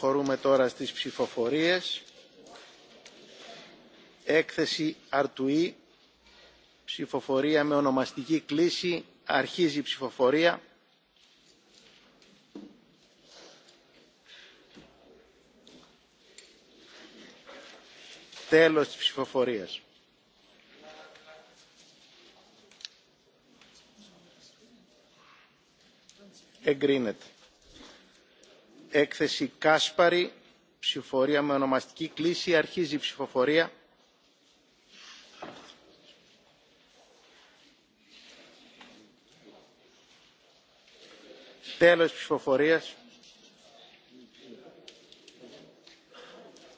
Προχωρούμε τώρα στις ψηφοφορίες. Έκθεση Αρτουή. Ψηφοφορία με ονομαστική κλίση. Αρχίζει η ψηφοφορία. Τέλος της ψηφοφορίας. Εγκρίνεται έκθεση Κάσπαρη. Ψηφοφορία με ονομαστική κλίση. Αρχίζει η ψηφοφορία. Τέλος ψηφοφορίας.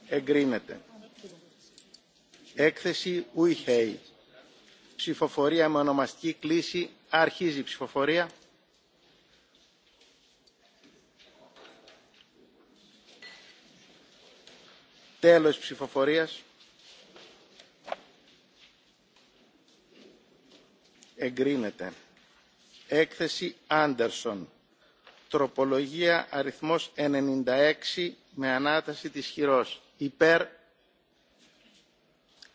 Εγκρίνεται. Έκθεση Ουιχέη. Ψηφοφορία με ονομαστική κλήση Αρχίζει η ψηφοφορία. Τέλος ψηφοφορίας. Εγκρίνεται. Έκθεση Άντερσον. Τροπολογία αριθμός 96 με ανάταση της χειρός. Υπέρ.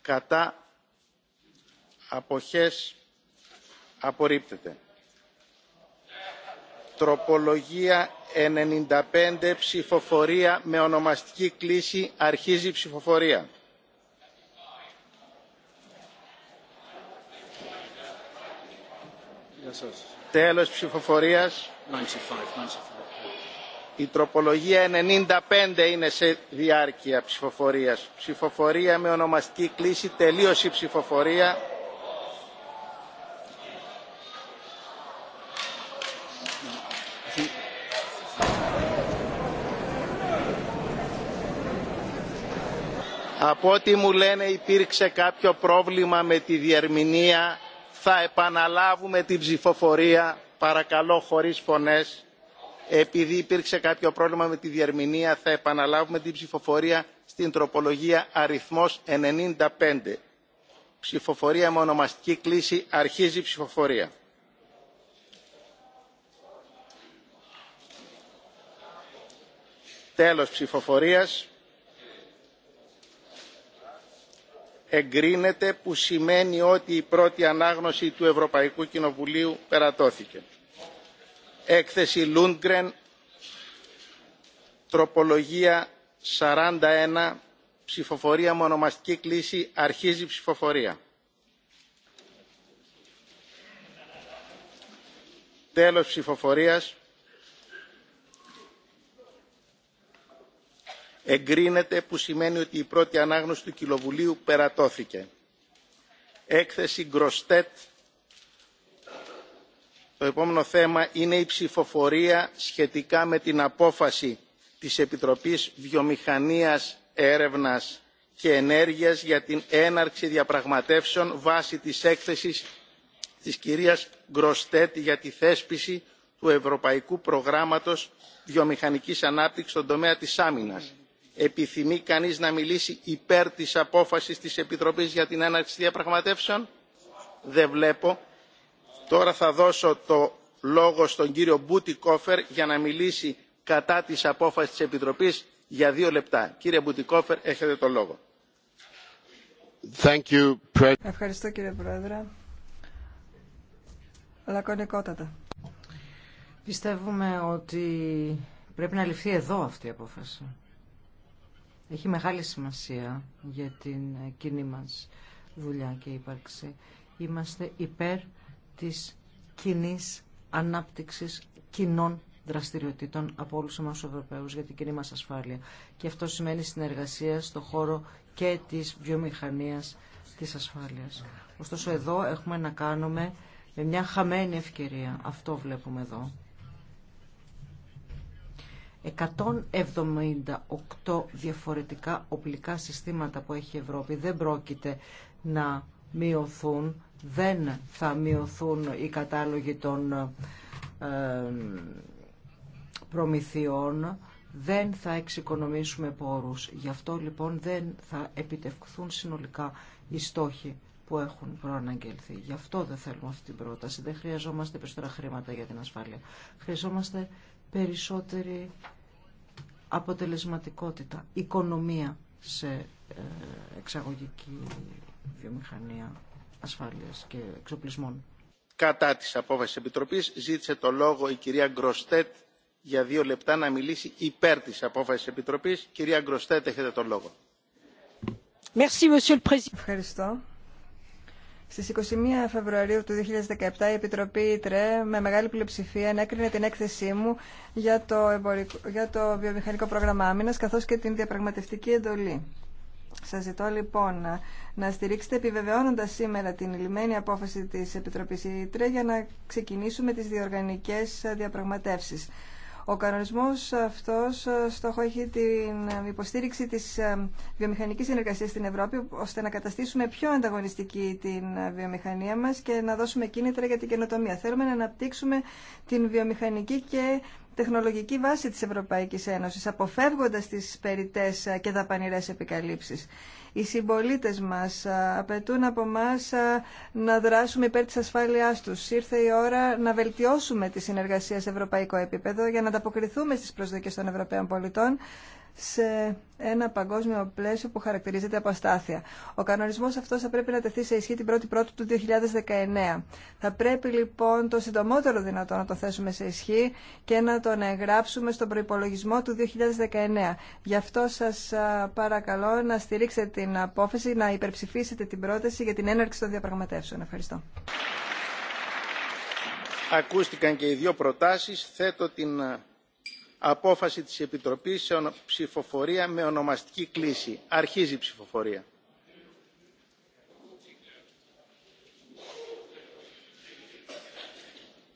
Κατά. Αποχές. Απορρίπτεται. Τροπολογία 95 ψηφοφορία με ονομαστική κλίση αρχίζει η ψηφοφορία. Τέλος ψηφοφορίας. Η τροπολογία 95 είναι σε διάρκεια ψηφοφορίας. Ψηφοφορία με ονομαστική κλίση τελείωσε η ψηφοφορία. Από ό,τι μου λένε υπήρξε κάποιο πρόβλημα με τη διερμηνία. Θα επαναλάβουμε την ψηφοφορία, παρακαλώ χωρίς φωνές. Επειδή υπήρξε κάποιο πρόβλημα με τη διερμηνία, θα επαναλάβουμε την ψηφοφορία στην τροπολογία αριθμός 95. Ψηφοφορία με ονομαστική κλίση. Αρχίζει ψηφοφορία. Τέλος ψηφοφορίας. εγκρίνεται που σημαίνει ότι η πρώτη ανάγνωση του Ευρωπαϊκού Κοινοβουλίου περατώθηκε. Έκθεση Λούντγκρεν, τροπολογία 41, ψηφοφορία μονομαστική κλίση, αρχίζει ψηφοφορία. Τέλος ψηφοφορίας. εγκρίνεται που σημαίνει ότι η πρώτη ανάγνωση του Κοινοβουλίου περατώθηκε. Έκθεση Γκροστέτ. Το επόμενο θέμα είναι η ψηφοφορία σχετικά με την απόφαση της Επιτροπής Βιομηχανίας, Έρευνας και Ενέργειας για την έναρξη διαπραγματεύσεων βάσει της έκθεσης της κυρίας Γκροστέτ για τη θέσπιση του Ευρωπαϊκού Προγράμματος Βιομηχανικής Ανάπτυξης στον τομέα της άμυνας Επιθυμεί κανείς να μιλήσει υπέρ της απόφασης της Επιτροπής για την έναρξη διαπραγματεύσεων. Δεν βλέπω. Τώρα θα δώσω το λόγο στον κύριο Μπούτι Κόφερ για να μιλήσει κατά της απόφασης της Επιτροπής για δύο λεπτά. Κύριε Μπούτι Κόφερ, έχετε το λόγο. Thank you, Ευχαριστώ κύριε Πρόεδρε. Λακωνικότατα. Πιστεύουμε ότι πρέπει να ληφθεί εδώ αυτή η απόφαση έχει μεγάλη σημασία για την ε, κοινή μας δουλειά και ύπαρξη. Είμαστε υπέρ της κοινή ανάπτυξης κοινών δραστηριοτήτων από όλους εμάς τους Ευρωπαίους για την κοινή μας ασφάλεια. Και αυτό σημαίνει συνεργασία στο χώρο και της βιομηχανίας της ασφάλειας. Ωστόσο εδώ έχουμε να κάνουμε με μια χαμένη ευκαιρία. Αυτό βλέπουμε εδώ. 178 διαφορετικά οπλικά συστήματα που έχει η Ευρώπη δεν πρόκειται να μειωθούν, δεν θα μειωθούν οι κατάλογοι των προμηθειών, δεν θα εξοικονομήσουμε πόρους. Γι' αυτό λοιπόν δεν θα επιτευχθούν συνολικά οι στόχοι που έχουν προαναγγελθεί. Γι' αυτό δεν θέλουμε αυτή την πρόταση. Δεν χρειαζόμαστε περισσότερα χρήματα για την ασφάλεια. Χρειαζόμαστε περισσότερη αποτελεσματικότητα, οικονομία σε ε, εξαγωγική βιομηχανία ασφάλειας και εξοπλισμών. Κατά της απόφασης Επιτροπής ζήτησε το λόγο η κυρία Γκροστέτ για δύο λεπτά να μιλήσει υπέρ της απόφασης Επιτροπής. Κυρία Γκροστέτ, έχετε το λόγο. Ευχαριστώ. Στις 21 Φεβρουαρίου του 2017 η Επιτροπή ΙΤΡΕ με μεγάλη πλειοψηφία ενέκρινε την έκθεσή μου για το, για το βιομηχανικό πρόγραμμα άμυνας καθώς και την διαπραγματευτική εντολή. Σας ζητώ λοιπόν να στηρίξετε επιβεβαιώνοντας σήμερα την λιμένη απόφαση της Επιτροπής ΙΤΡΕ για να ξεκινήσουμε τις διοργανικές διαπραγματεύσεις. Ο κανονισμός αυτός ε, στόχο έχει την ε, υποστήριξη της ε, βιομηχανικής συνεργασίας στην Ευρώπη ώστε να καταστήσουμε πιο ανταγωνιστική την βιομηχανία μας και να δώσουμε κίνητρα για την καινοτομία. Θέλουμε να αναπτύξουμε την βιομηχανική και τεχνολογική βάση της Ευρωπαϊκής Ένωσης, αποφεύγοντας τις περιτές και δαπανηρές επικαλύψεις. Οι συμπολίτε μας απαιτούν από μας να δράσουμε υπέρ της ασφάλειάς τους. Ήρθε η ώρα να βελτιώσουμε τη συνεργασία σε ευρωπαϊκό επίπεδο για να ανταποκριθούμε στις προσδοκίες των Ευρωπαίων πολιτών σε ένα παγκόσμιο πλαίσιο που χαρακτηρίζεται από αστάθεια. Ο κανονισμό αυτό θα πρέπει να τεθεί σε ισχύ την 1η Πρώτου του 2019. Θα πρέπει λοιπόν το συντομότερο δυνατό να το θέσουμε σε ισχύ και να τον εγγράψουμε στον προπολογισμό του 2019. Γι' αυτό σα παρακαλώ να στηρίξετε την απόφαση, να υπερψηφίσετε την πρόταση για την έναρξη των διαπραγματεύσεων. Ευχαριστώ. Ακούστηκαν και οι δύο προτάσεις. Θέτω την απόφαση της Επιτροπής σε ψηφοφορία με ονομαστική κλίση. Αρχίζει η ψηφοφορία.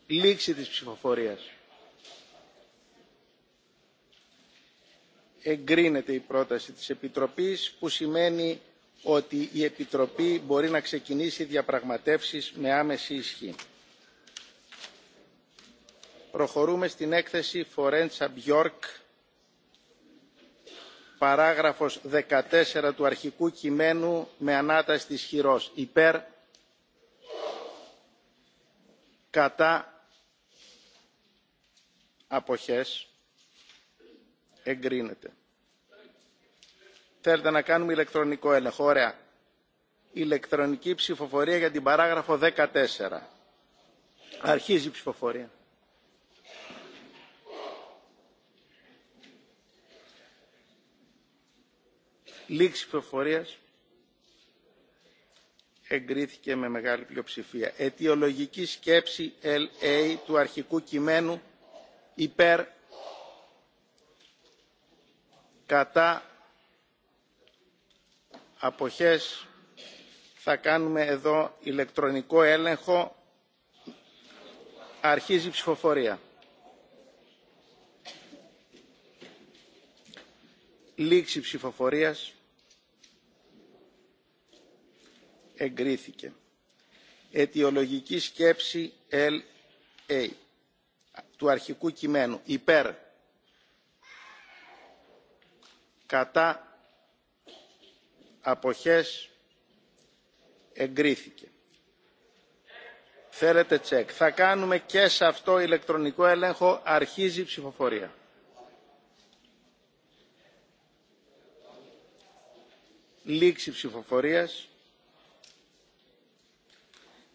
Λήξη της ψηφοφορίας. Εγκρίνεται η πρόταση της Επιτροπής που σημαίνει ότι η Επιτροπή μπορεί να ξεκινήσει διαπραγματεύσεις με άμεση ισχύ. Προχωρούμε στην έκθεση Φορέντσα Μπιόρκ, παράγραφος 14 του αρχικού κειμένου με ανάταση της χειρός. Υπέρ, κατά, αποχές, εγκρίνεται. Θέλετε να κάνουμε ηλεκτρονικό έλεγχο. Ωραία. Ηλεκτρονική ψηφοφορία για την παράγραφο 14. Αρχίζει η ψηφοφορία. Λήξη ψηφοφορίας εγκρίθηκε με μεγάλη πλειοψηφία. Αιτιολογική σκέψη LA του αρχικού κειμένου υπέρ κατά αποχές θα κάνουμε εδώ ηλεκτρονικό έλεγχο αρχίζει ψηφοφορία λήξη ψηφοφορίας εγκρίθηκε. Αιτιολογική σκέψη LA του αρχικού κειμένου υπέρ κατά αποχές εγκρίθηκε. Θέλετε τσεκ. Θα κάνουμε και σε αυτό ηλεκτρονικό έλεγχο. Αρχίζει η ψηφοφορία. Λήξη ψηφοφορίας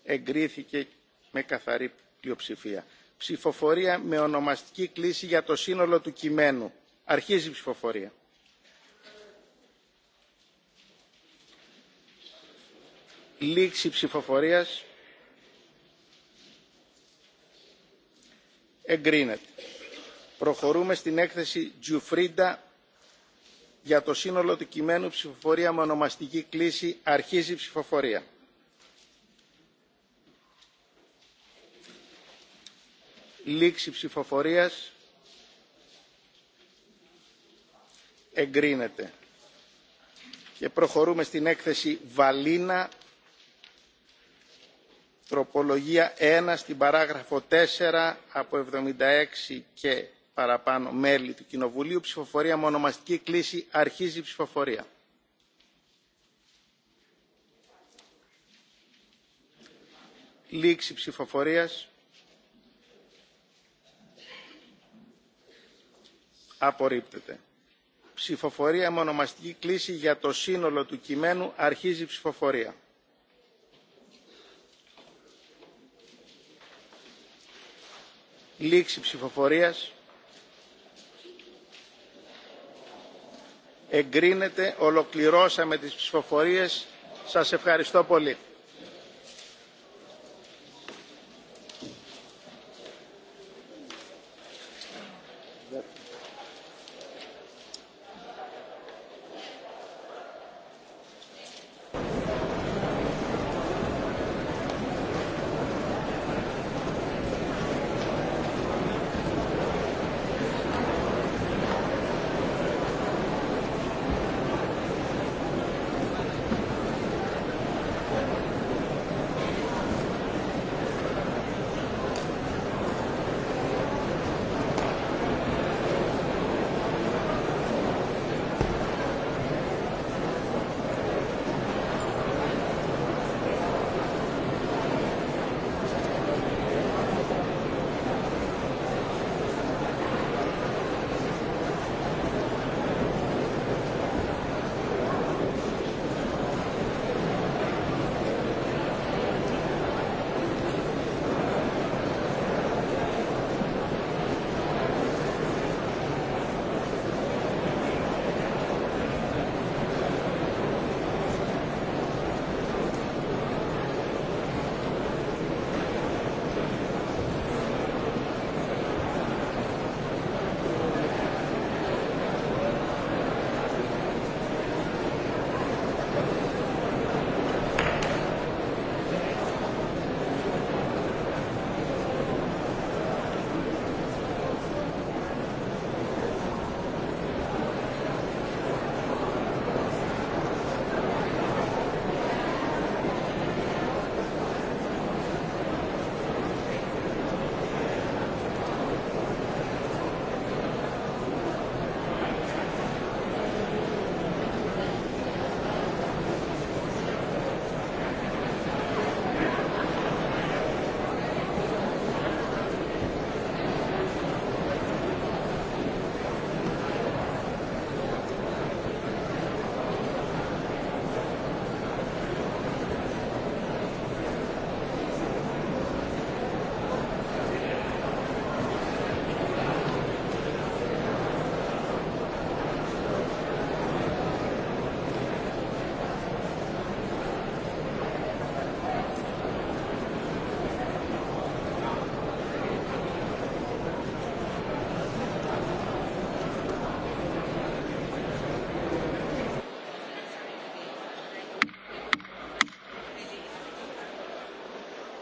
εγκρίθηκε με καθαρή πλειοψηφία. Ψηφοφορία με ονομαστική κλίση για το σύνολο του κειμένου. Αρχίζει η ψηφοφορία. Λήξη ψηφοφορίας. Εγκρίνεται. Προχωρούμε στην έκθεση Τζουφρίντα για το σύνολο του κειμένου ψηφοφορία με ονομαστική κλίση. Αρχίζει η ψηφοφορία. λήξη ψηφοφορίας εγκρίνεται και προχωρούμε στην έκθεση Βαλίνα τροπολογία 1 στην παράγραφο 4 από 76 και παραπάνω μέλη του Κοινοβουλίου ψηφοφορία με ονομαστική κλίση αρχίζει η ψηφοφορία. Λήξη ψηφοφορίας απορρίπτεται. ψηφοφορία με ονομαστική κλίση για το σύνολο του κειμένου αρχίζει η ψηφοφορία. λήξη ψηφοφορίας εγκρίνεται ολοκληρώσαμε τις ψηφοφορίες σας ευχαριστώ πολύ.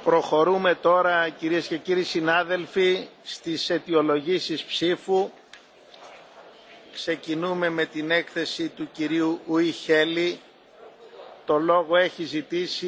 Προχωρούμε τώρα, κυρίες και κύριοι συνάδελφοι, στις αιτιολογήσεις ψήφου. Ξεκινούμε με την έκθεση του κυρίου Ουιχέλη. Το λόγο έχει ζητήσει